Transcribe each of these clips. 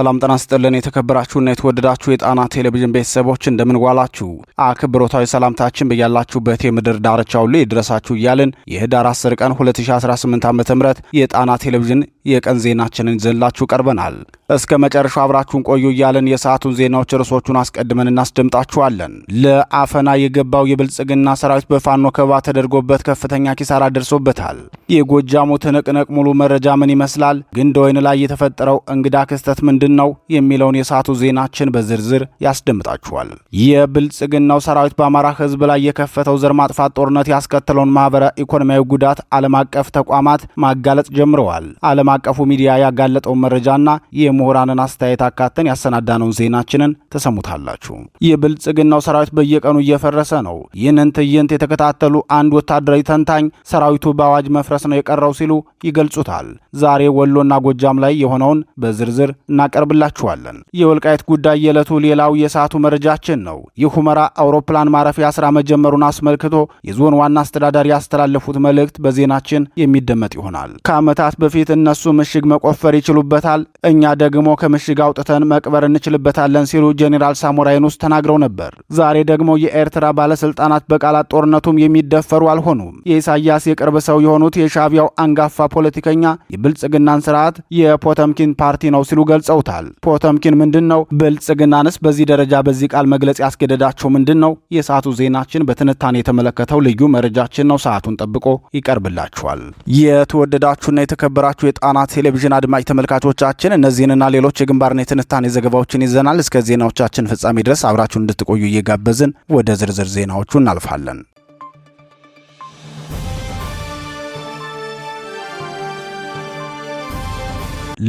ሰላም ጤና ይስጥልን የተከበራችሁና የተወደዳችሁ የጣና ቴሌቪዥን ቤተሰቦች እንደምንዋላችሁ አክብሮታዊ ሰላምታችን በያላችሁበት የምድር ዳርቻ ሁሉ ይድረሳችሁ እያልን የህዳር 10 ቀን 2018 ዓ ም የጣና ቴሌቪዥን የቀን ዜናችንን ይዘንላችሁ ቀርበናል። እስከ መጨረሻው አብራችሁን ቆዩ እያለን የሰዓቱን ዜናዎች ርዕሶቹን አስቀድመን እናስደምጣችኋለን። ለአፈና የገባው የብልጽግና ሰራዊት በፋኖ ከበባ ተደርጎበት ከፍተኛ ኪሳራ ደርሶበታል። የጎጃሙ ትንቅንቅ ሙሉ መረጃ ምን ይመስላል? ግንደወይን ላይ የተፈጠረው እንግዳ ክስተት ምንድን ነው? የሚለውን የሰዓቱ ዜናችን በዝርዝር ያስደምጣችኋል። የብልጽግናው ሰራዊት በአማራ ህዝብ ላይ የከፈተው ዘር ማጥፋት ጦርነት ያስከተለውን ማህበረ ኢኮኖሚያዊ ጉዳት ዓለም አቀፍ ተቋማት ማጋለጽ ጀምረዋል። ዓለም አቀፉ ሚዲያ ያጋለጠውን መረጃና የምሁራንን አስተያየት አካተን ያሰናዳነውን ዜናችንን ተሰሙታላችሁ። የብልጽግናው ሰራዊት በየቀኑ እየፈረሰ ነው። ይህንን ትዕይንት የተከታተሉ አንድ ወታደራዊ ተንታኝ ሰራዊቱ በአዋጅ መፍረስ ነው የቀረው ሲሉ ይገልጹታል። ዛሬ ወሎና ጎጃም ላይ የሆነውን በዝርዝር እናቀርብላችኋለን። የወልቃይት ጉዳይ የዕለቱ ሌላው የሰዓቱ መረጃችን ነው። የሁመራ አውሮፕላን ማረፊያ ስራ መጀመሩን አስመልክቶ የዞን ዋና አስተዳዳሪ ያስተላለፉት መልእክት በዜናችን የሚደመጥ ይሆናል። ከዓመታት በፊት እነሱ እነሱ ምሽግ መቆፈር ይችሉበታል፣ እኛ ደግሞ ከምሽግ አውጥተን መቅበር እንችልበታለን ሲሉ ጄኔራል ሳሞራ ዩኑስ ተናግረው ነበር። ዛሬ ደግሞ የኤርትራ ባለስልጣናት በቃላት ጦርነቱም የሚደፈሩ አልሆኑም። የኢሳያስ የቅርብ ሰው የሆኑት የሻቢያው አንጋፋ ፖለቲከኛ የብልጽግናን ስርዓት የፖተምኪን ፓርቲ ነው ሲሉ ገልጸውታል። ፖተምኪን ምንድን ነው? ብልጽግናንስ በዚህ ደረጃ በዚህ ቃል መግለጽ ያስገደዳቸው ምንድን ነው? የሰዓቱ ዜናችን በትንታኔ የተመለከተው ልዩ መረጃችን ነው። ሰዓቱን ጠብቆ ይቀርብላችኋል። የተወደዳችሁና የተከበራችሁ የጣ ጣና ቴሌቪዥን አድማጭ ተመልካቾቻችን እነዚህንና ሌሎች የግንባርና የትንታኔ ዘገባዎችን ይዘናል። እስከ ዜናዎቻችን ፍጻሜ ድረስ አብራችሁን እንድትቆዩ እየጋበዝን ወደ ዝርዝር ዜናዎቹ እናልፋለን።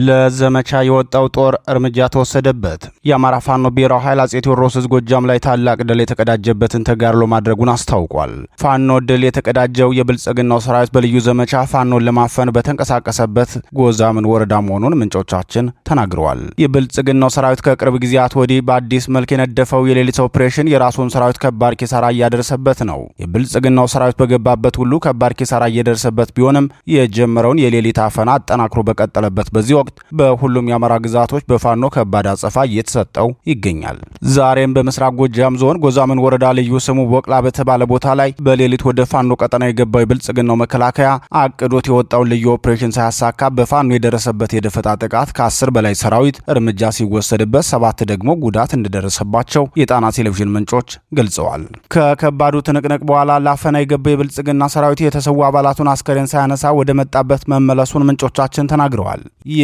ለዘመቻ የወጣው ጦር እርምጃ ተወሰደበት። የአማራ ፋኖ ብሔራዊ ኃይል አጼ ቴዎድሮስ እዝ ጎጃም ላይ ታላቅ ድል የተቀዳጀበትን ተጋድሎ ማድረጉን አስታውቋል። ፋኖ ድል የተቀዳጀው የብልጽግናው ሰራዊት በልዩ ዘመቻ ፋኖን ለማፈን በተንቀሳቀሰበት ጎዛምን ወረዳ መሆኑን ምንጮቻችን ተናግረዋል። የብልጽግናው ሰራዊት ከቅርብ ጊዜያት ወዲህ በአዲስ መልክ የነደፈው የሌሊት ኦፕሬሽን የራሱን ሰራዊት ከባድ ኪሳራ እያደረሰበት ነው። የብልጽግናው ሰራዊት በገባበት ሁሉ ከባድ ኪሳራ እየደረሰበት ቢሆንም የጀመረውን የሌሊት አፈና አጠናክሮ በቀጠለበት በዚህ ወቅት በሁሉም የአማራ ግዛቶች በፋኖ ከባድ አጸፋ እየተሰጠው ይገኛል። ዛሬም በምስራቅ ጎጃም ዞን ጎዛምን ወረዳ ልዩ ስሙ ወቅላ በተባለ ቦታ ላይ በሌሊት ወደ ፋኖ ቀጠና የገባው የብልጽግናው መከላከያ አቅዶት የወጣውን ልዩ ኦፕሬሽን ሳያሳካ በፋኖ የደረሰበት የደፈጣ ጥቃት ከአስር በላይ ሰራዊት እርምጃ ሲወሰድበት ሰባት ደግሞ ጉዳት እንደደረሰባቸው የጣና ቴሌቪዥን ምንጮች ገልጸዋል። ከከባዱ ትንቅንቅ በኋላ ላፈና የገባው የብልጽግና ሰራዊት የተሰዉ አባላቱን አስከሬን ሳያነሳ ወደ መጣበት መመለሱን ምንጮቻችን ተናግረዋል።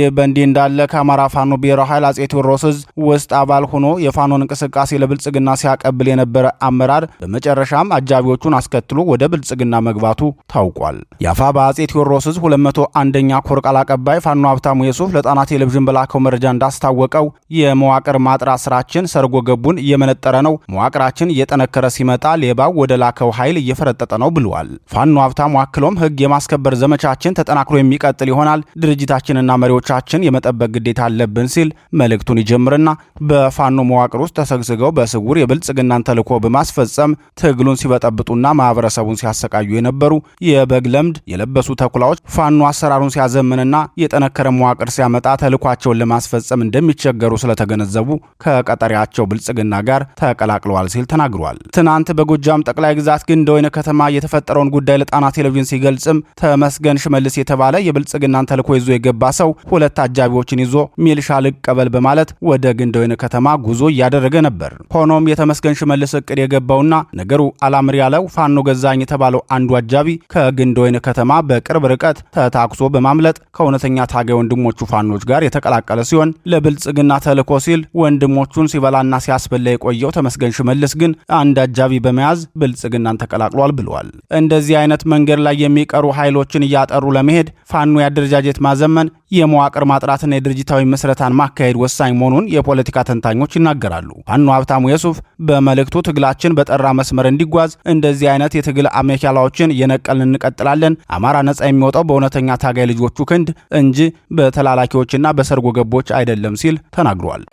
ይህ በእንዲህ እንዳለ ከአማራ ፋኖ ብሔራዊ ኃይል አጼ ቴዎድሮስዝ ውስጥ አባል ሆኖ የፋኖን እንቅስቃሴ ለብልጽግና ሲያቀብል የነበረ አመራር በመጨረሻም አጃቢዎቹን አስከትሎ ወደ ብልጽግና መግባቱ ታውቋል። የአፋ በአጼ ቴዎድሮስዝ 201ኛ ኮር ቃል አቀባይ ፋኖ ሀብታሙ የሱፍ ለጣና ቴሌቪዥን በላከው መረጃ እንዳስታወቀው የመዋቅር ማጥራት ስራችን ሰርጎ ገቡን እየመነጠረ ነው። መዋቅራችን እየጠነከረ ሲመጣ ሌባው ወደ ላከው ኃይል እየፈረጠጠ ነው ብለዋል። ፋኖ ሀብታሙ አክሎም ህግ የማስከበር ዘመቻችን ተጠናክሮ የሚቀጥል ይሆናል። ድርጅታችንና መሪዎች መብቶቻችን የመጠበቅ ግዴታ አለብን ሲል መልእክቱን ይጀምርና በፋኖ መዋቅር ውስጥ ተሰግስገው በስውር የብልጽግናን ተልዕኮ በማስፈጸም ትግሉን ሲበጠብጡና ማህበረሰቡን ሲያሰቃዩ የነበሩ የበግ ለምድ የለበሱ ተኩላዎች ፋኖ አሰራሩን ሲያዘምንና የጠነከረ መዋቅር ሲያመጣ ተልኳቸውን ለማስፈጸም እንደሚቸገሩ ስለተገነዘቡ ከቀጠሪያቸው ብልጽግና ጋር ተቀላቅለዋል ሲል ተናግሯል። ትናንት በጎጃም ጠቅላይ ግዛት ግንደ ከተማ የተፈጠረውን ጉዳይ ለጣና ቴሌቪዥን ሲገልጽም ተመስገን ሽመልስ የተባለ የብልጽግናን ተልኮ ይዞ የገባ ሰው ሁለት አጃቢዎችን ይዞ ሚልሻ ልቀበል በማለት ወደ ግንደወይን ከተማ ጉዞ እያደረገ ነበር። ሆኖም የተመስገን ሽመልስ እቅድ የገባውና ነገሩ አላምር ያለው ፋኖ ገዛኝ የተባለው አንዱ አጃቢ ከግንደወይን ከተማ በቅርብ ርቀት ተታክሶ በማምለጥ ከእውነተኛ ታጋይ ወንድሞቹ ፋኖች ጋር የተቀላቀለ ሲሆን ለብልጽግና ተልዕኮ ሲል ወንድሞቹን ሲበላና ሲያስበላ የቆየው ተመስገን ሽመልስ ግን አንድ አጃቢ በመያዝ ብልጽግናን ተቀላቅሏል ብለዋል። እንደዚህ አይነት መንገድ ላይ የሚቀሩ ኃይሎችን እያጠሩ ለመሄድ ፋኖ የአደረጃጀት ማዘመን የመዋቅር ማጥራትና የድርጅታዊ ምስረታን ማካሄድ ወሳኝ መሆኑን የፖለቲካ ተንታኞች ይናገራሉ። ፋኖ ሀብታሙ የሱፍ በመልእክቱ ትግላችን በጠራ መስመር እንዲጓዝ እንደዚህ አይነት የትግል አሜኬላዎችን የነቀልን እንቀጥላለን። አማራ ነጻ የሚወጣው በእውነተኛ ታጋይ ልጆቹ ክንድ እንጂ በተላላኪዎችና በሰርጎ ገቦች አይደለም ሲል ተናግሯል።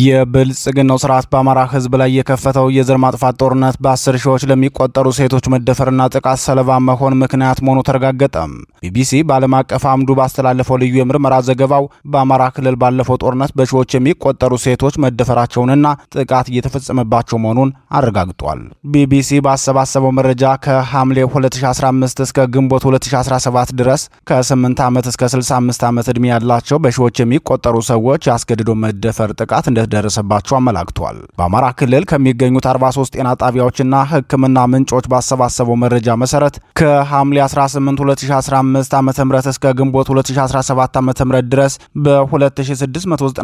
የብልጽግናው ስርዓት በአማራ ህዝብ ላይ የከፈተው የዘር ማጥፋት ጦርነት በአስር ሺዎች ለሚቆጠሩ ሴቶች መደፈርና ጥቃት ሰለባ መሆን ምክንያት መሆኑ ተረጋገጠም። ቢቢሲ በዓለም አቀፍ አምዱ ባስተላለፈው ልዩ የምርመራ ዘገባው በአማራ ክልል ባለፈው ጦርነት በሺዎች የሚቆጠሩ ሴቶች መደፈራቸውንና ጥቃት እየተፈጸመባቸው መሆኑን አረጋግጧል። ቢቢሲ ባሰባሰበው መረጃ ከሐምሌ 2015 እስከ ግንቦት 2017 ድረስ ከ8 ዓመት እስከ 65 ዓመት ዕድሜ ያላቸው በሺዎች የሚቆጠሩ ሰዎች ያስገድዶ መደፈር ጥቃት እንደ እንደደረሰባቸው አመላክቷል። በአማራ ክልል ከሚገኙት 43 ጤና ጣቢያዎችና ሕክምና ምንጮች ባሰባሰበው መረጃ መሰረት ከሐምሌ 18 2015 ዓ ም እስከ ግንቦት 2017 ዓ ም ድረስ በ2697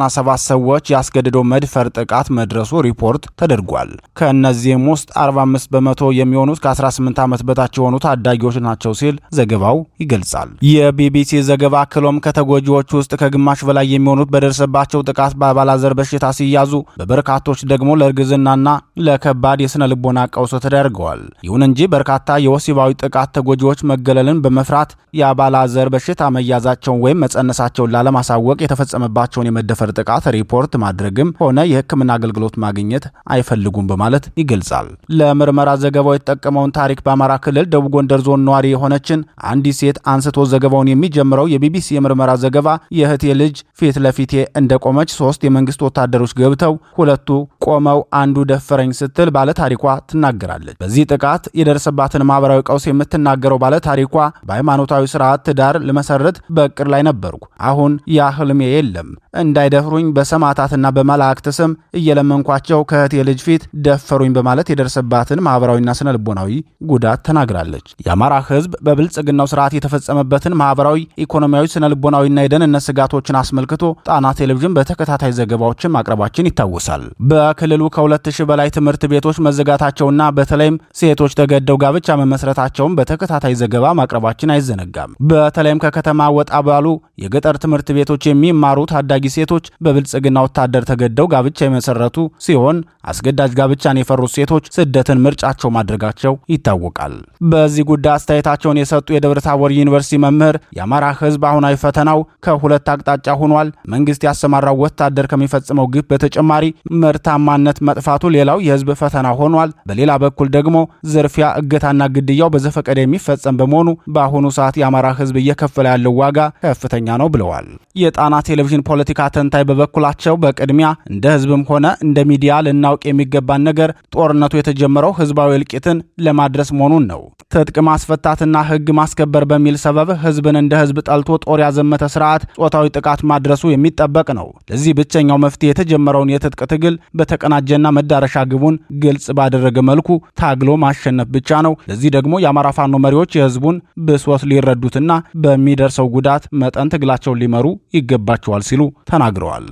ሰዎች ያስገድዶ መድፈር ጥቃት መድረሱ ሪፖርት ተደርጓል። ከእነዚህም ውስጥ 45 በመቶ የሚሆኑት ከ18 ዓመት በታች የሆኑ ታዳጊዎች ናቸው ሲል ዘገባው ይገልጻል። የቢቢሲ ዘገባ አክሎም ከተጎጂዎች ውስጥ ከግማሽ በላይ የሚሆኑት በደረሰባቸው ጥቃት በአባላዘር በሽታ በበሽታ ሲያዙ በበርካቶች ደግሞ ለእርግዝናና ለከባድ የሥነ ልቦና ቀውሶ ተደርገዋል። ይሁን እንጂ በርካታ የወሲባዊ ጥቃት ተጎጂዎች መገለልን በመፍራት የአባላዘር በሽታ መያዛቸውን ወይም መጸነሳቸውን ላለማሳወቅ የተፈጸመባቸውን የመደፈር ጥቃት ሪፖርት ማድረግም ሆነ የሕክምና አገልግሎት ማግኘት አይፈልጉም በማለት ይገልጻል። ለምርመራ ዘገባው የተጠቀመውን ታሪክ በአማራ ክልል ደቡብ ጎንደር ዞን ነዋሪ የሆነችን አንዲት ሴት አንስቶ ዘገባውን የሚጀምረው የቢቢሲ የምርመራ ዘገባ የእህቴ ልጅ ፊት ለፊቴ እንደቆመች ሶስት የመንግስት ወታደ ወታደሮች ገብተው ሁለቱ ቆመው አንዱ ደፈረኝ ስትል ባለታሪኳ ትናገራለች። በዚህ ጥቃት የደረሰባትን ማህበራዊ ቀውስ የምትናገረው ባለታሪኳ በሃይማኖታዊ ስርዓት ትዳር ልመሰርት በእቅድ ላይ ነበርኩ። አሁን ያ ህልሜ የለም። እንዳይደፍሩኝ በሰማዕታትና በመላእክት ስም እየለመንኳቸው ከእህቴ ልጅ ፊት ደፈሩኝ በማለት የደረሰባትን ማህበራዊና ስነ ልቦናዊ ጉዳት ተናግራለች። የአማራ ህዝብ በብልጽግናው ስርዓት የተፈጸመበትን ማህበራዊ፣ ኢኮኖሚያዊ፣ ስነ ልቦናዊና የደህንነት ስጋቶችን አስመልክቶ ጣና ቴሌቪዥን በተከታታይ ዘገባዎችን ማቅረባችን ይታወሳል። በክልሉ ከሁለት ሺህ በላይ ትምህርት ቤቶች መዘጋታቸውና በተለይም ሴቶች ተገደው ጋብቻ መመስረታቸውን በተከታታይ ዘገባ ማቅረባችን አይዘነጋም። በተለይም ከከተማ ወጣ ባሉ የገጠር ትምህርት ቤቶች የሚማሩ ታዳጊ ሴቶች በብልጽግና ወታደር ተገደው ጋብቻ የመሰረቱ ሲሆን አስገዳጅ ጋብቻን የፈሩት ሴቶች ስደትን ምርጫቸው ማድረጋቸው ይታወቃል። በዚህ ጉዳይ አስተያየታቸውን የሰጡ የደብረ ታቦር ዩኒቨርሲቲ መምህር የአማራ ሕዝብ አሁናዊ ፈተናው ከሁለት አቅጣጫ ሆኗል። መንግስት ያሰማራው ወታደር ከሚፈጽመው ግፍ በተጨማሪ ምርታማነት መጥፋቱ ሌላው የህዝብ ፈተና ሆኗል። በሌላ በኩል ደግሞ ዝርፊያ፣ እገታና ግድያው በዘፈቀደ የሚፈጸም በመሆኑ በአሁኑ ሰዓት የአማራ ህዝብ እየከፈለ ያለው ዋጋ ከፍተኛ ነው ብለዋል። የጣና ቴሌቪዥን ፖለቲካ ተንታኝ በበኩላቸው በቅድሚያ እንደ ህዝብም ሆነ እንደ ሚዲያ ልናውቅ የሚገባን ነገር ጦርነቱ የተጀመረው ህዝባዊ እልቂትን ለማድረስ መሆኑን ነው። ትጥቅ ማስፈታትና ህግ ማስከበር በሚል ሰበብ ህዝብን እንደ ህዝብ ጠልቶ ጦር ያዘመተ ስርዓት ጾታዊ ጥቃት ማድረሱ የሚጠበቅ ነው። ለዚህ ብቸኛው መፍትሄ የተጀመረውን የትጥቅ ትግል በተቀናጀና መዳረሻ ግቡን ግልጽ ባደረገ መልኩ ታግሎ ማሸነፍ ብቻ ነው። ለዚህ ደግሞ የአማራ ፋኖ መሪዎች የህዝቡን ብሶት ሊረዱትና በሚደርሰው ጉዳት መጠን ትግላቸውን ሊመሩ ይገባቸዋል ሲሉ ተናግረዋል።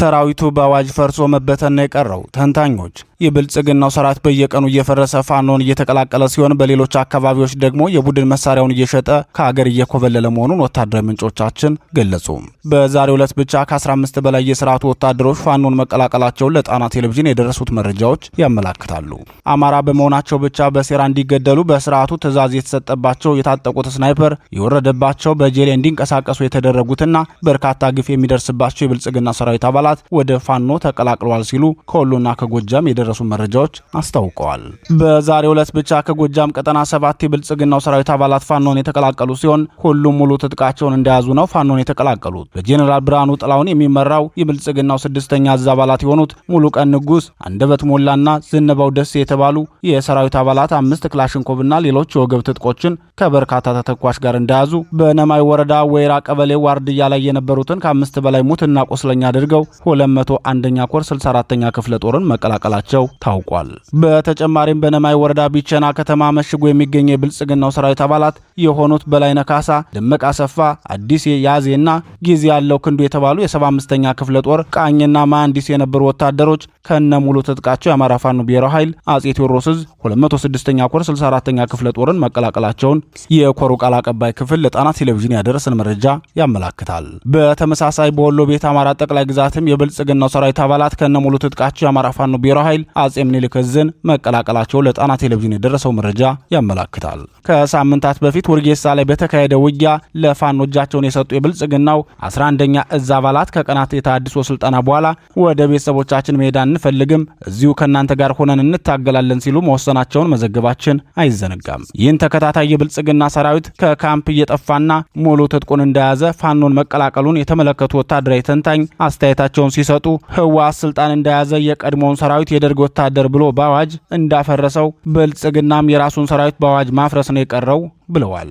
ሰራዊቱ በአዋጅ ፈርሶ መበተን ነው የቀረው። ተንታኞች የብልጽግናው ሰራዊት በየቀኑ እየፈረሰ ፋኖን እየተቀላቀለ ሲሆን፣ በሌሎች አካባቢዎች ደግሞ የቡድን መሳሪያውን እየሸጠ ከሀገር እየኮበለለ መሆኑን ወታደራዊ ምንጮቻችን ገለጹ። በዛሬው ዕለት ብቻ ከ15 በላይ የስርዓቱ ወታደሮች ፋኖን መቀላቀላቸውን ለጣና ቴሌቪዥን የደረሱት መረጃዎች ያመላክታሉ። አማራ በመሆናቸው ብቻ በሴራ እንዲገደሉ በስርዓቱ ትዕዛዝ የተሰጠባቸው የታጠቁት ስናይፐር የወረደባቸው በጄሌ እንዲንቀሳቀሱ የተደረጉትና በርካታ ግፍ የሚደርስባቸው የብልጽግና ሰራዊት አባላት ወደ ፋኖ ተቀላቅለዋል ሲሉ ከወሎና ከጎጃም የደረሱ እንደደረሱ መረጃዎች አስታውቀዋል። በዛሬ ዕለት ብቻ ከጎጃም ቀጠና ሰባት የብልጽግናው ሰራዊት አባላት ፋኖን የተቀላቀሉ ሲሆን ሁሉም ሙሉ ትጥቃቸውን እንደያዙ ነው ፋኖን የተቀላቀሉት። በጄኔራል ብርሃኑ ጥላውን የሚመራው የብልጽግናው ስድስተኛ እዝ አባላት የሆኑት ሙሉቀን ንጉስ፣ አንደበት ሞላና ዝንበው ደሴ የተባሉ የሰራዊት አባላት አምስት ክላሽንኮቭና ሌሎች የወገብ ትጥቆችን ከበርካታ ተተኳሽ ጋር እንደያዙ በነማይ ወረዳ ወይራ ቀበሌ ዋርድያ ላይ የነበሩትን ከአምስት በላይ ሙትና ቆስለኛ አድርገው ሁለት መቶ አንደኛ ኮር 64ኛ ክፍለ ጦርን መቀላቀላቸው መሆናቸው ታውቋል። በተጨማሪም በነማይ ወረዳ ቢቸና ከተማ መሽጎ የሚገኙ የብልጽግናው ሰራዊት አባላት የሆኑት በላይ ካሳ፣ ደመቅ አሰፋ፣ አዲስ ያዜና ጊዜ ያለው ክንዱ የተባሉ የ75ኛ ክፍለ ጦር ቃኝና መሐንዲስ የነበሩ ወታደሮች ሙሉ ትጥቃቸው የአማራ ፋኖ ብሔራዊ ኃይል አጼ ቴዎድሮስ ዕዝ 206ኛ ኮር 64ኛ ክፍለ ጦርን መቀላቀላቸውን የኮሩ ቃል አቀባይ ክፍል ለጣና ቴሌቪዥን ያደረሰን መረጃ ያመላክታል። በተመሳሳይ በወሎ ቤት አማራ ጠቅላይ ግዛትም የብልጽግናው ሰራዊት አባላት ሙሉ ትጥቃቸው የአማራ ፋኖ ብሔራዊ ኃይል አጼ ምኒልክ እዝን መቀላቀላቸው ለጣና ቴሌቪዥን የደረሰው መረጃ ያመላክታል። ከሳምንታት በፊት ውርጌሳ ላይ በተካሄደ ውጊያ ለፋኖ እጃቸውን የሰጡ የብልጽግናው 11ኛ እዝ አባላት ከቀናት የተሃድሶ ስልጠና በኋላ ወደ ቤተሰቦቻችን መሄድ አንፈልግም፣ እዚሁ ከእናንተ ጋር ሆነን እንታገላለን ሲሉ መወሰናቸውን መዘገባችን አይዘነጋም። ይህን ተከታታይ የብልጽግና ሰራዊት ከካምፕ እየጠፋና ሙሉ ትጥቁን እንደያዘ ፋኖን መቀላቀሉን የተመለከቱ ወታደራዊ ተንታኝ አስተያየታቸውን ሲሰጡ ህወሓት ስልጣን እንደያዘ የቀድሞውን ሰራዊት የደርግ የደርግ ወታደር ብሎ በአዋጅ እንዳፈረሰው ብልጽግናም የራሱን ሰራዊት በአዋጅ ማፍረስ ነው የቀረው ብለዋል።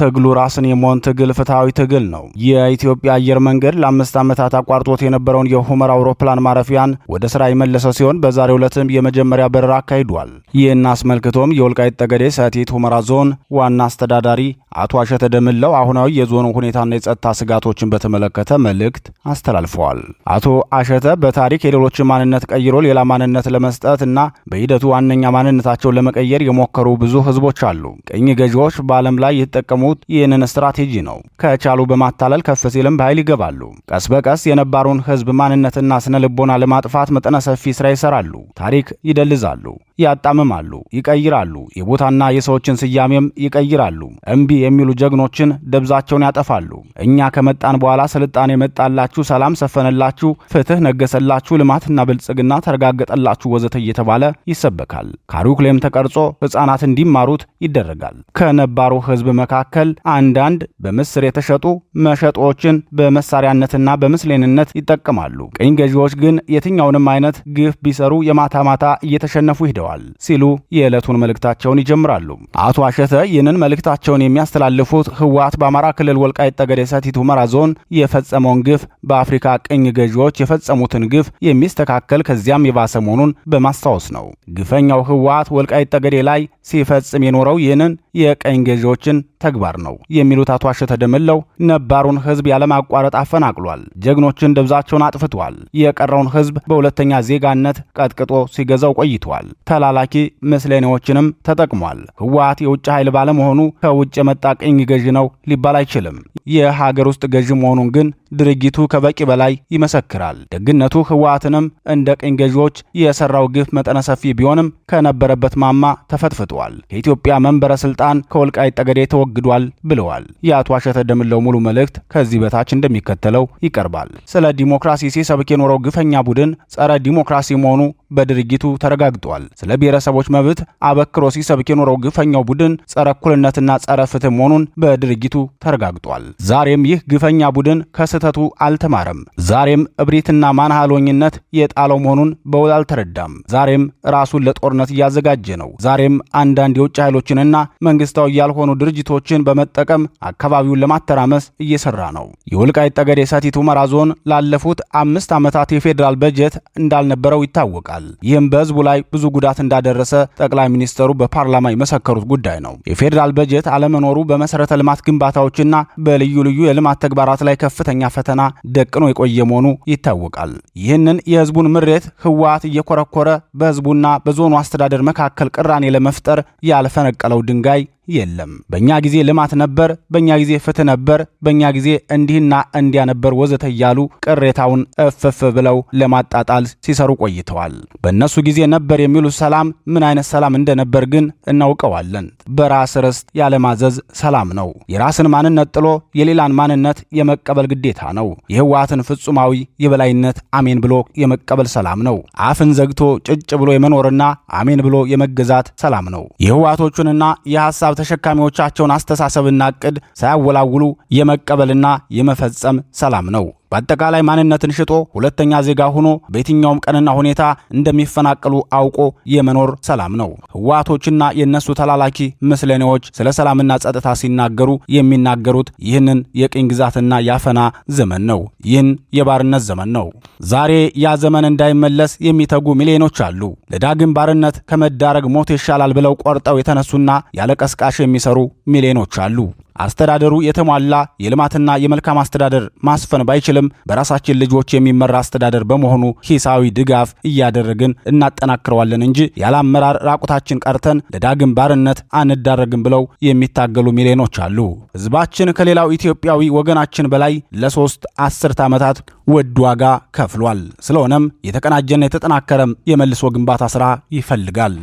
ትግሉ ራስን የመሆን ትግል ፍትሐዊ ትግል ነው። የኢትዮጵያ አየር መንገድ ለአምስት ዓመታት አቋርጦት የነበረውን የሁመራ አውሮፕላን ማረፊያን ወደ ስራ የመለሰ ሲሆን በዛሬው ዕለትም የመጀመሪያ በረራ አካሂዷል። ይህን አስመልክቶም የወልቃይት ጠገዴ ሰቲት ሁመራ ዞን ዋና አስተዳዳሪ አቶ አሸተ ደምለው አሁናዊ የዞኑ ሁኔታና የጸጥታ ስጋቶችን በተመለከተ መልእክት አስተላልፈዋል። አቶ አሸተ በታሪክ የሌሎችን ማንነት ቀይሮ ሌላ ማንነት ለመስጠት እና በሂደቱ ዋነኛ ማንነታቸውን ለመቀየር የሞከሩ ብዙ ህዝቦች አሉ። ቅኝ ገዢዎች በዓለም ላይ የተጠቀሙ የሚጠቀሙት ይህንን ስትራቴጂ ነው። ከቻሉ በማታለል ከፍ ሲልም በኃይል ይገባሉ። ቀስ በቀስ የነባሩን ህዝብ ማንነትና ስነ ልቦና ለማጥፋት መጠነ ሰፊ ስራ ይሰራሉ። ታሪክ ይደልዛሉ፣ ያጣምማሉ፣ ይቀይራሉ። የቦታና የሰዎችን ስያሜም ይቀይራሉ። እምቢ የሚሉ ጀግኖችን ደብዛቸውን ያጠፋሉ። እኛ ከመጣን በኋላ ስልጣኔ የመጣላችሁ ሰላም ሰፈነላችሁ፣ ፍትህ ነገሰላችሁ፣ ልማትና ብልጽግና ተረጋገጠላችሁ ወዘተ እየተባለ ይሰበካል። ካሪኩሌም ተቀርጾ ህጻናት እንዲማሩት ይደረጋል። ከነባሩ ህዝብ መካከል መካከል አንዳንድ በምስር የተሸጡ መሸጦችን በመሳሪያነትና በምስሌንነት ይጠቀማሉ። ቅኝ ገዢዎች ግን የትኛውንም አይነት ግፍ ቢሰሩ የማታ ማታ እየተሸነፉ ሂደዋል ሲሉ የዕለቱን መልእክታቸውን ይጀምራሉ። አቶ አሸተ ይህንን መልእክታቸውን የሚያስተላልፉት ህወሓት በአማራ ክልል ወልቃይት ጠገዴ ሰቲት ሁመራ ዞን የፈጸመውን ግፍ በአፍሪካ ቅኝ ገዢዎች የፈጸሙትን ግፍ የሚስተካከል ከዚያም የባሰ መሆኑን በማስታወስ ነው። ግፈኛው ህወሓት ወልቃይት ጠገዴ ላይ ሲፈጽም የኖረው ይህንን የቀኝ ገዢዎችን ተግባር ተግባር ነው የሚሉት አቶ አሸተ ደምለው ነባሩን ህዝብ ያለማቋረጥ አፈናቅሏል፣ ጀግኖችን ደብዛቸውን አጥፍቷል፣ የቀረውን ህዝብ በሁለተኛ ዜጋነት ቀጥቅጦ ሲገዛው ቆይቷል። ተላላኪ ምስለኔዎችንም ተጠቅሟል። ህወሓት የውጭ ኃይል ባለመሆኑ ከውጭ የመጣ ቅኝ ገዢ ነው ሊባል አይችልም። የሀገር ውስጥ ገዢ መሆኑን ግን ድርጊቱ ከበቂ በላይ ይመሰክራል። ደግነቱ ህወሓትንም እንደ ቅኝ ገዢዎች የሰራው ግፍ መጠነ ሰፊ ቢሆንም ከነበረበት ማማ ተፈጥፍጧል። ከኢትዮጵያ መንበረ ስልጣን ከወልቃይት ጠገዴ ተወግዶ ወስዷል ብለዋል። የአቶ አሸተ ደምለው ሙሉ መልእክት ከዚህ በታች እንደሚከተለው ይቀርባል። ስለ ዲሞክራሲ ሲሰብክ የኖረው ግፈኛ ቡድን ጸረ ዲሞክራሲ መሆኑ በድርጊቱ ተረጋግጧል። ስለ ብሔረሰቦች መብት አበክሮ ሲሰብክ የኖረው ግፈኛው ቡድን ጸረ እኩልነትና ጸረ ፍትህ መሆኑን በድርጊቱ ተረጋግጧል። ዛሬም ይህ ግፈኛ ቡድን ከስህተቱ አልተማረም። ዛሬም እብሪትና ማንሃሎኝነት የጣለው መሆኑን በውል አልተረዳም። ዛሬም ራሱን ለጦርነት እያዘጋጀ ነው። ዛሬም አንዳንድ የውጭ ኃይሎችንና መንግስታዊ ያልሆኑ ድርጅቶችን ቴክኖሎጂን በመጠቀም አካባቢውን ለማተራመስ እየሰራ ነው። የወልቃይት ጠገዴ ሰቲት ሁመራ ዞን ላለፉት አምስት ዓመታት የፌዴራል በጀት እንዳልነበረው ይታወቃል። ይህም በህዝቡ ላይ ብዙ ጉዳት እንዳደረሰ ጠቅላይ ሚኒስትሩ በፓርላማ የመሰከሩት ጉዳይ ነው። የፌዴራል በጀት አለመኖሩ በመሰረተ ልማት ግንባታዎችና በልዩ ልዩ የልማት ተግባራት ላይ ከፍተኛ ፈተና ደቅኖ የቆየ መሆኑ ይታወቃል። ይህንን የህዝቡን ምሬት ህወሓት እየኮረኮረ በህዝቡና በዞኑ አስተዳደር መካከል ቅራኔ ለመፍጠር ያልፈነቀለው ድንጋይ የለም። በእኛ ጊዜ ልማት ነበር፣ በእኛ ጊዜ ፍትህ ነበር፣ በእኛ ጊዜ እንዲህና እንዲያ ነበር ወዘተ እያሉ ቅሬታውን እፍፍ ብለው ለማጣጣል ሲሰሩ ቆይተዋል። በእነሱ ጊዜ ነበር የሚሉት ሰላም ምን አይነት ሰላም እንደነበር ግን እናውቀዋለን። በራስ ርስት ያለማዘዝ ሰላም ነው። የራስን ማንነት ጥሎ የሌላን ማንነት የመቀበል ግዴታ ነው። የህወሓትን ፍጹማዊ የበላይነት አሜን ብሎ የመቀበል ሰላም ነው። አፍን ዘግቶ ጭጭ ብሎ የመኖርና አሜን ብሎ የመገዛት ሰላም ነው። የህወሓቶቹንና የሐሳብ ተሸካሚዎቻቸውን አስተሳሰብና እቅድ ሳያወላውሉ የመቀበልና የመፈጸም ሰላም ነው። በአጠቃላይ ማንነትን ሽጦ ሁለተኛ ዜጋ ሆኖ በየትኛውም ቀንና ሁኔታ እንደሚፈናቀሉ አውቆ የመኖር ሰላም ነው። ህወሓቶችና የእነሱ ተላላኪ ምስለኔዎች ስለ ሰላምና ጸጥታ ሲናገሩ የሚናገሩት ይህንን የቅኝ ግዛትና ያፈና ዘመን ነው። ይህን የባርነት ዘመን ነው። ዛሬ ያ ዘመን እንዳይመለስ የሚተጉ ሚሊዮኖች አሉ። ለዳግም ባርነት ከመዳረግ ሞት ይሻላል ብለው ቆርጠው የተነሱና ያለ ቀስቃሽ የሚሰሩ ሚሊዮኖች አሉ። አስተዳደሩ የተሟላ የልማትና የመልካም አስተዳደር ማስፈን ባይችልም በራሳችን ልጆች የሚመራ አስተዳደር በመሆኑ ሂሳዊ ድጋፍ እያደረግን እናጠናክረዋለን እንጂ ያለ አመራር ራቁታችን ቀርተን ለዳግም ባርነት አንዳረግም ብለው የሚታገሉ ሚሊዮኖች አሉ። ህዝባችን ከሌላው ኢትዮጵያዊ ወገናችን በላይ ለሶስት አስርት ዓመታት ውድ ዋጋ ከፍሏል። ስለሆነም የተቀናጀና የተጠናከረም የመልሶ ግንባታ ስራ ይፈልጋል።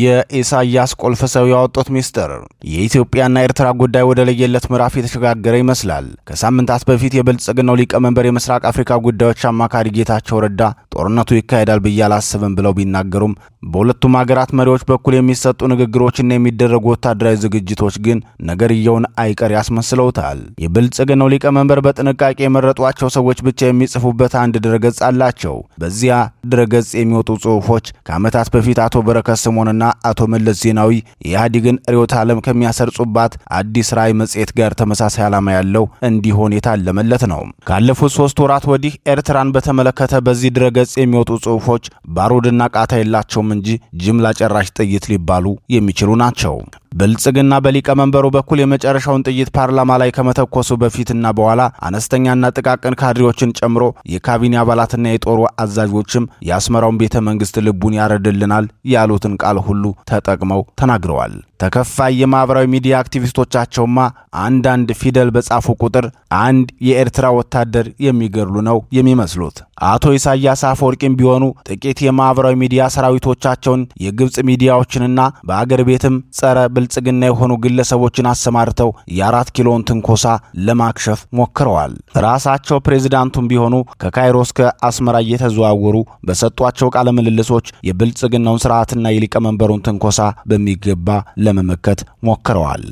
የኢሳያስ ቆልፍ ሰው ያወጡት ሚስጥር የኢትዮጵያና ኤርትራ ጉዳይ ወደ ለየለት ምዕራፍ የተሸጋገረ ይመስላል። ከሳምንታት በፊት የብልጽግናው ሊቀመንበር የምስራቅ አፍሪካ ጉዳዮች አማካሪ ጌታቸው ረዳ ጦርነቱ ይካሄዳል ብዬ አላስብም ብለው ቢናገሩም በሁለቱም ሀገራት መሪዎች በኩል የሚሰጡ ንግግሮችና የሚደረጉ ወታደራዊ ዝግጅቶች ግን ነገርየውን አይቀር ያስመስለውታል። የብልጽግናው ሊቀመንበር በጥንቃቄ የመረጧቸው ሰዎች ብቻ የሚጽፉበት አንድ ድረገጽ አላቸው። በዚያ ድረገጽ የሚወጡ ጽሁፎች ከዓመታት በፊት አቶ በረከት ስምኦን ጌታቸውና አቶ መለስ ዜናዊ የኢህአዴግን ርዕዮተ ዓለም ከሚያሰርጹባት አዲስ ራዕይ መጽሔት ጋር ተመሳሳይ ዓላማ ያለው እንዲሆን የታለመለት ነው። ካለፉት ሶስት ወራት ወዲህ ኤርትራን በተመለከተ በዚህ ድረገጽ የሚወጡ ጽሑፎች ባሩድና ቃታ የላቸውም እንጂ ጅምላ ጨራሽ ጥይት ሊባሉ የሚችሉ ናቸው። ብልጽግና በሊቀመንበሩ በኩል የመጨረሻውን ጥይት ፓርላማ ላይ ከመተኮሱ በፊትና በኋላ አነስተኛና ጥቃቅን ካድሬዎችን ጨምሮ የካቢኔ አባላትና የጦሩ አዛዦችም የአስመራውን ቤተ መንግስት ልቡን ያረድልናል ያሉትን ቃል ሁሉ ተጠቅመው ተናግረዋል። ተከፋይ የማኅበራዊ ሚዲያ አክቲቪስቶቻቸውማ አንዳንድ ፊደል በጻፉ ቁጥር አንድ የኤርትራ ወታደር የሚገድሉ ነው የሚመስሉት። አቶ ኢሳያስ አፈወርቂም ቢሆኑ ጥቂት የማኅበራዊ ሚዲያ ሰራዊቶቻቸውን የግብፅ ሚዲያዎችንና በአገር ቤትም ጸረ ብልጽግና የሆኑ ግለሰቦችን አሰማርተው የአራት ኪሎን ትንኮሳ ለማክሸፍ ሞክረዋል። ራሳቸው ፕሬዚዳንቱም ቢሆኑ ከካይሮ እስከ አስመራ እየተዘዋወሩ በሰጧቸው ቃለ ምልልሶች የብልጽግናውን ስርዓትና የሊቀመንበሩን ትንኮሳ በሚገባ ለ ለመመከት ሞክረዋል።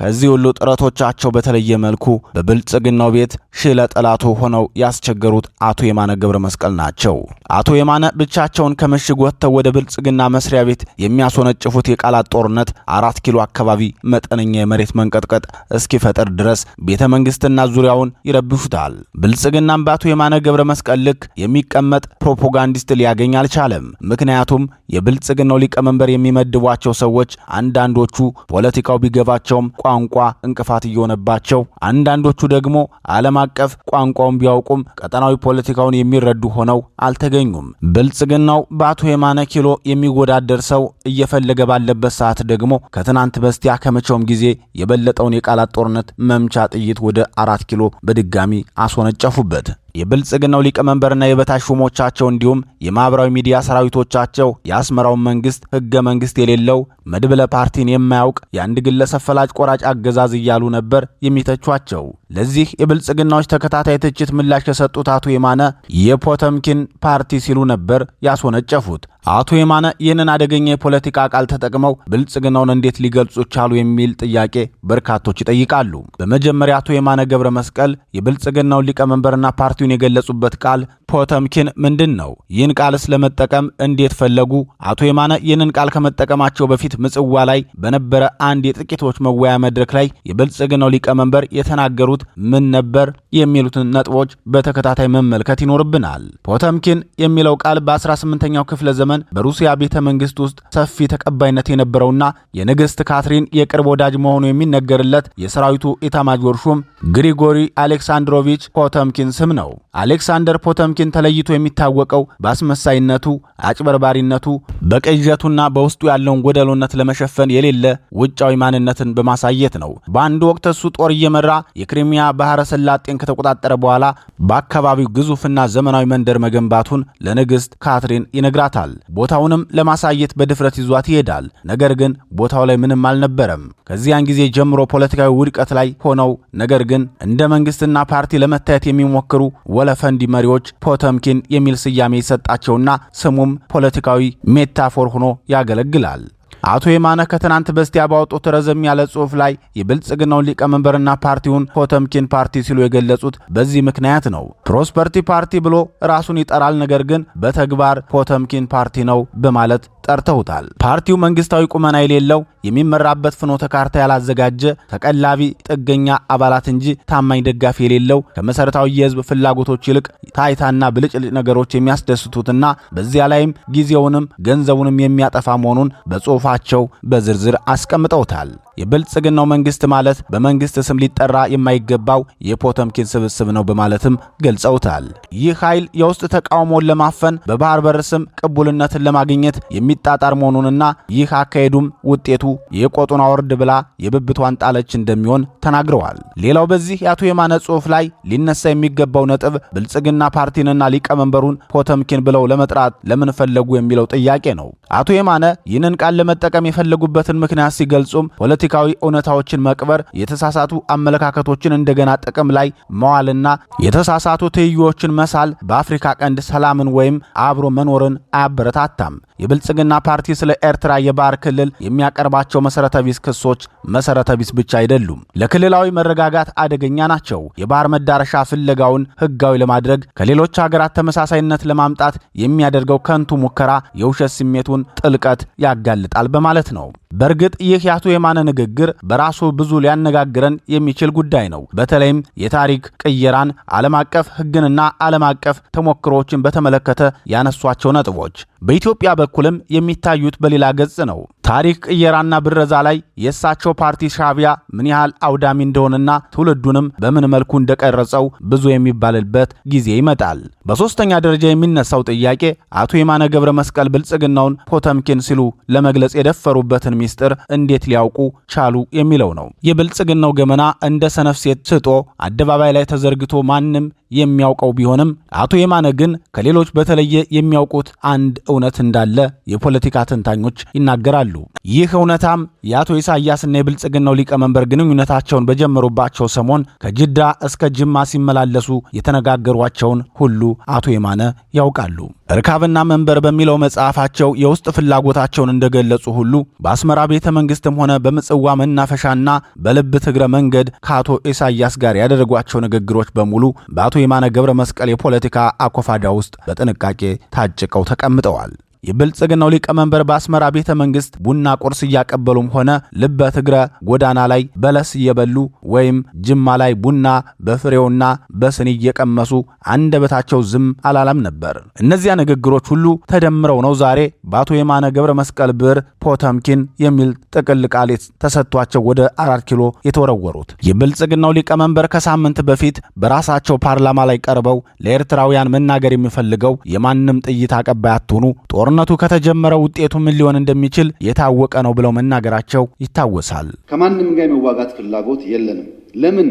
ከዚህ ሁሉ ጥረቶቻቸው በተለየ መልኩ በብልጽግናው ቤት ሽለ ጠላቱ ሆነው ያስቸገሩት አቶ የማነ ገብረ መስቀል ናቸው። አቶ የማነ ብቻቸውን ከምሽግ ወጥተው ወደ ብልጽግና መስሪያ ቤት የሚያስወነጭፉት የቃላት ጦርነት አራት ኪሎ አካባቢ መጠነኛ የመሬት መንቀጥቀጥ እስኪፈጥር ድረስ ቤተ መንግስትና ዙሪያውን ይረብሹታል። ብልጽግናም በአቶ የማነ ገብረ መስቀል ልክ የሚቀመጥ ፕሮፓጋንዲስት ሊያገኝ አልቻለም። ምክንያቱም የብልጽግናው ሊቀመንበር የሚመድቧቸው ሰዎች አንዳንዶቹ ፖለቲካው ቢገባቸውም ቋንቋ እንቅፋት እየሆነባቸው፣ አንዳንዶቹ ደግሞ ዓለም አቀፍ ቋንቋውን ቢያውቁም ቀጠናዊ ፖለቲካውን የሚረዱ ሆነው አልተገኙም። ብልጽግናው በአቶ የማነ ኪሎ የሚወዳደር ሰው እየፈለገ ባለበት ሰዓት ደግሞ ከትናንት በስቲያ ከመቼውም ጊዜ የበለጠውን የቃላት ጦርነት መምቻ ጥይት ወደ አራት ኪሎ በድጋሚ አስወነጨፉበት። የብልጽግናው ሊቀመንበርና የበታች ሹሞቻቸው እንዲሁም የማኅበራዊ ሚዲያ ሰራዊቶቻቸው የአስመራውን መንግስት ህገ መንግስት የሌለው መድብለ ፓርቲን የማያውቅ የአንድ ግለሰብ ፈላጭ ቆራጭ አገዛዝ እያሉ ነበር የሚተቿቸው። ለዚህ የብልጽግናዎች ተከታታይ ትችት ምላሽ የሰጡት አቶ የማነ የፖተምኪን ፓርቲ ሲሉ ነበር ያስወነጨፉት። አቶ የማነ ይህንን አደገኛ የፖለቲካ ቃል ተጠቅመው ብልጽግናውን እንዴት ሊገልጹ ቻሉ የሚል ጥያቄ በርካቶች ይጠይቃሉ። በመጀመሪያ አቶ የማነ ገብረ መስቀል የብልጽግናውን ሊቀመንበርና ፓርቲውን ደጋፊውን የገለጹበት ቃል ፖተምኪን ምንድን ነው? ይህን ቃልስ ለመጠቀም እንዴት ፈለጉ? አቶ የማነ ይህንን ቃል ከመጠቀማቸው በፊት ምጽዋ ላይ በነበረ አንድ የጥቂቶች መወያ መድረክ ላይ የብልጽግናው ሊቀመንበር የተናገሩት ምን ነበር የሚሉትን ነጥቦች በተከታታይ መመልከት ይኖርብናል። ፖተምኪን የሚለው ቃል በ18ኛው ክፍለ ዘመን በሩሲያ ቤተ መንግስት ውስጥ ሰፊ ተቀባይነት የነበረውና የንግሥት ካትሪን የቅርብ ወዳጅ መሆኑ የሚነገርለት የሰራዊቱ ኢታማጆር ሹም ግሪጎሪ አሌክሳንድሮቪች ፖተምኪን ስም ነው። ነው። አሌክሳንደር ፖተምኪን ተለይቶ የሚታወቀው በአስመሳይነቱ፣ አጭበርባሪነቱ፣ በቅዠቱና በውስጡ ያለውን ጎደሎነት ለመሸፈን የሌለ ውጫዊ ማንነትን በማሳየት ነው። በአንድ ወቅት እሱ ጦር እየመራ የክሪሚያ ባህረ ሰላጤን ከተቆጣጠረ በኋላ በአካባቢው ግዙፍና ዘመናዊ መንደር መገንባቱን ለንግሥት ካትሪን ይነግራታል። ቦታውንም ለማሳየት በድፍረት ይዟት ይሄዳል። ነገር ግን ቦታው ላይ ምንም አልነበረም። ከዚያን ጊዜ ጀምሮ ፖለቲካዊ ውድቀት ላይ ሆነው ነገር ግን እንደ መንግስትና ፓርቲ ለመታየት የሚሞክሩ ወለፈንዲ መሪዎች ፖተምኪን የሚል ስያሜ የሰጣቸውና ስሙም ፖለቲካዊ ሜታፎር ሆኖ ያገለግላል። አቶ የማነ ከትናንት በስቲያ ባወጡት ረዘም ያለ ጽሑፍ ላይ የብልጽግናውን ሊቀመንበርና ፓርቲውን ፖተምኪን ፓርቲ ሲሉ የገለጹት በዚህ ምክንያት ነው። ፕሮስፐርቲ ፓርቲ ብሎ ራሱን ይጠራል፣ ነገር ግን በተግባር ፖተምኪን ፓርቲ ነው በማለት ጠርተውታል። ፓርቲው መንግስታዊ ቁመና የሌለው የሚመራበት ፍኖተ ካርታ ያላዘጋጀ ተቀላቢ ጥገኛ አባላት እንጂ ታማኝ ደጋፊ የሌለው ከመሰረታዊ የህዝብ ፍላጎቶች ይልቅ ታይታና ብልጭልጭ ነገሮች የሚያስደስቱትና በዚያ ላይም ጊዜውንም ገንዘቡንም የሚያጠፋ መሆኑን በጽሑፋቸው በዝርዝር አስቀምጠውታል። የብልጽግናው መንግስት ማለት በመንግስት ስም ሊጠራ የማይገባው የፖተምኪን ስብስብ ነው በማለትም ገልጸውታል። ይህ ኃይል የውስጥ ተቃውሞን ለማፈን በባህር በር ስም ቅቡልነትን ለማግኘት የሚጣጣር መሆኑንና ይህ አካሄዱም ውጤቱ የቆጡን አወርድ ብላ የብብቷን ጣለች እንደሚሆን ተናግረዋል። ሌላው በዚህ የአቶ የማነ ጽሑፍ ላይ ሊነሳ የሚገባው ነጥብ ብልጽግና ፓርቲንና ሊቀመንበሩን ፖተምኪን ብለው ለመጥራት ለምን ፈለጉ የሚለው ጥያቄ ነው። አቶ የማነ ይህንን ቃል ለመጠቀም የፈለጉበትን ምክንያት ሲገልጹም ፖለቲ ፖለቲካዊ እውነታዎችን መቅበር፣ የተሳሳቱ አመለካከቶችን እንደገና ጥቅም ላይ መዋልና የተሳሳቱ ትይዮችን መሳል በአፍሪካ ቀንድ ሰላምን ወይም አብሮ መኖርን አያበረታታም። የብልጽግና ፓርቲ ስለ ኤርትራ የባህር ክልል የሚያቀርባቸው መሰረተ ቢስ ክሶች መሰረተ ቢስ ብቻ አይደሉም፣ ለክልላዊ መረጋጋት አደገኛ ናቸው። የባህር መዳረሻ ፍለጋውን ህጋዊ ለማድረግ ከሌሎች ሀገራት ተመሳሳይነት ለማምጣት የሚያደርገው ከንቱ ሙከራ የውሸት ስሜቱን ጥልቀት ያጋልጣል በማለት ነው። በእርግጥ ይህ የአቶ የማነ ንግግር በራሱ ብዙ ሊያነጋግረን የሚችል ጉዳይ ነው። በተለይም የታሪክ ቅየራን፣ ዓለም አቀፍ ሕግንና ዓለም አቀፍ ተሞክሮዎችን በተመለከተ ያነሷቸው ነጥቦች በኢትዮጵያ በኩልም የሚታዩት በሌላ ገጽ ነው። ታሪክ ቅየራና ብረዛ ላይ የእሳቸው ፓርቲ ሻቢያ ምን ያህል አውዳሚ እንደሆነና ትውልዱንም በምን መልኩ እንደቀረጸው ብዙ የሚባልበት ጊዜ ይመጣል። በሶስተኛ ደረጃ የሚነሳው ጥያቄ አቶ የማነ ገብረ መስቀል ብልጽግናውን ፖተምኪን ሲሉ ለመግለጽ የደፈሩበትን ሚስጥር እንዴት ሊያውቁ ቻሉ የሚለው ነው። የብልጽግናው ገመና እንደ ሰነፍ ሴት ስጦ አደባባይ ላይ ተዘርግቶ ማንም የሚያውቀው ቢሆንም አቶ የማነ ግን ከሌሎች በተለየ የሚያውቁት አንድ እውነት እንዳለ የፖለቲካ ተንታኞች ይናገራሉ። ይህ እውነታም የአቶ ኢሳያስና የብልጽግናው ሊቀመንበር ግንኙነታቸውን በጀመሩባቸው ሰሞን ከጅዳ እስከ ጅማ ሲመላለሱ የተነጋገሯቸውን ሁሉ አቶ የማነ ያውቃሉ። እርካብና መንበር በሚለው መጽሐፋቸው የውስጥ ፍላጎታቸውን እንደገለጹ ሁሉ በአስመራ ቤተ መንግስትም ሆነ በምጽዋ መናፈሻና በልብ ትግረ መንገድ ከአቶ ኢሳያስ ጋር ያደረጓቸው ንግግሮች በሙሉ በአቶ አቶ የማነ ገብረ መስቀል የፖለቲካ አኮፋዳ ውስጥ በጥንቃቄ ታጭቀው ተቀምጠዋል። የብልጽግናው ሊቀመንበር በአስመራ ቤተ መንግስት ቡና ቁርስ እያቀበሉም ሆነ ልበ ትግረ ጎዳና ላይ በለስ እየበሉ ወይም ጅማ ላይ ቡና በፍሬውና በስኒ እየቀመሱ አንደበታቸው ዝም አላለም ነበር። እነዚያ ንግግሮች ሁሉ ተደምረው ነው ዛሬ በአቶ የማነ ገብረ መስቀል ብዕር ፖተምኪን የሚል ጥቅል ቃል ተሰጥቷቸው ወደ አራት ኪሎ የተወረወሩት። የብልጽግናው ሊቀመንበር ከሳምንት በፊት በራሳቸው ፓርላማ ላይ ቀርበው ለኤርትራውያን መናገር የሚፈልገው የማንም ጥይት አቀባይ አትሆኑ ጦር ጦርነቱ ከተጀመረ ውጤቱ ምን ሊሆን እንደሚችል የታወቀ ነው ብለው መናገራቸው ይታወሳል። ከማንም ጋር የመዋጋት ፍላጎት የለንም። ለምን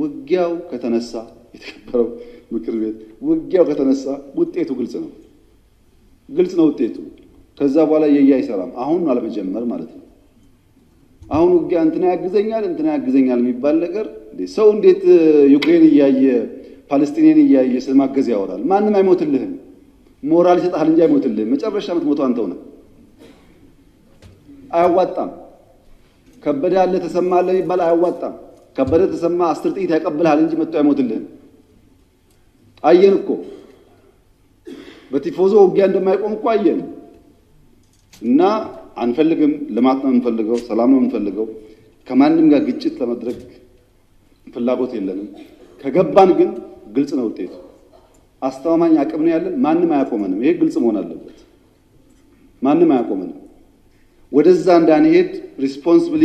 ውጊያው ከተነሳ የተከበረው ምክር ቤት ውጊያው ከተነሳ ውጤቱ ግልጽ ነው፣ ግልጽ ነው ውጤቱ። ከዛ በኋላ የያ አይሰራም። አሁን አለመጀመር ማለት ነው። አሁን ውጊያ እንትና ያግዘኛል እንትና ያግዘኛል የሚባል ነገር ሰው እንዴት ዩክሬን እያየ ፓለስቲኔን እያየ ስለማገዝ ያወራል? ማንም አይሞትልህም። ሞራል ይሰጣል እንጂ አይሞትልህም። መጨረሻ የምትሞተው አንተው ነው። አያዋጣም። ከበደ ያለ ተሰማ አለ የሚባል አያዋጣም። ከበደ ተሰማ አስር ጥይት ያቀብልሃል እንጂ መጥቶ አይሞትልህም። አየን እኮ በቲፎዞ ውጊያ እንደማይቆም እኮ አየን። እና አንፈልግም። ልማት ነው የምንፈልገው፣ ሰላም ነው የምንፈልገው። ከማንም ጋር ግጭት ለመድረግ ፍላጎት የለንም። ከገባን ግን ግልጽ ነው ውጤቱ። አስተማማኝ አቅም ነው ያለን። ማንም አያቆመንም። ይሄ ግልጽ መሆን አለበት። ማንም አያቆመንም። ወደዛ እንዳንሄድ ሪስፖንስብሊ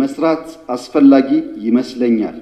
መስራት አስፈላጊ ይመስለኛል።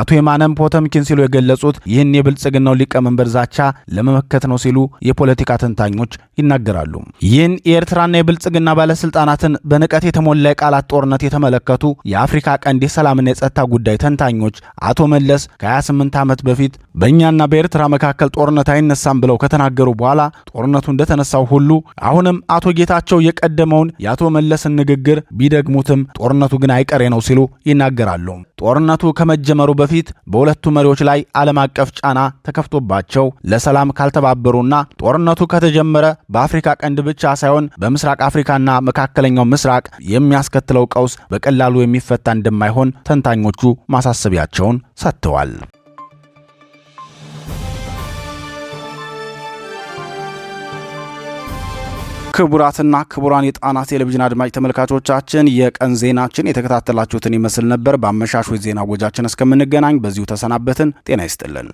አቶ የማነም ፖተምኪን ሲሉ የገለጹት ይህን የብልጽግናው ሊቀመንበር ዛቻ ለመመከት ነው ሲሉ የፖለቲካ ተንታኞች ይናገራሉ። ይህን የኤርትራና የብልጽግና ባለስልጣናትን በንቀት የተሞላ የቃላት ጦርነት የተመለከቱ የአፍሪካ ቀንድ የሰላምና የጸጥታ ጉዳይ ተንታኞች አቶ መለስ ከ28 ዓመት በፊት በእኛና በኤርትራ መካከል ጦርነት አይነሳም ብለው ከተናገሩ በኋላ ጦርነቱ እንደተነሳው ሁሉ አሁንም አቶ ጌታቸው የቀደመውን የአቶ መለስን ንግግር ቢደግሙትም ጦርነቱ ግን አይቀሬ ነው ሲሉ ይናገራሉ። ጦርነቱ ከመጀመሩ በፊት በሁለቱ መሪዎች ላይ ዓለም አቀፍ ጫና ተከፍቶባቸው ለሰላም ካልተባበሩና ጦርነቱ ከተጀመረ በአፍሪካ ቀንድ ብቻ ሳይሆን በምስራቅ አፍሪካና መካከለኛው ምስራቅ የሚያስከትለው ቀውስ በቀላሉ የሚፈታ እንደማይሆን ተንታኞቹ ማሳሰቢያቸውን ሰጥተዋል። ክቡራትና ክቡራን የጣና ቴሌቪዥን አድማጭ ተመልካቾቻችን የቀን ዜናችን የተከታተላችሁትን ይመስል ነበር። በአመሻሹ ዜና ወጃችን እስከምንገናኝ በዚሁ ተሰናበትን። ጤና ይስጥልን።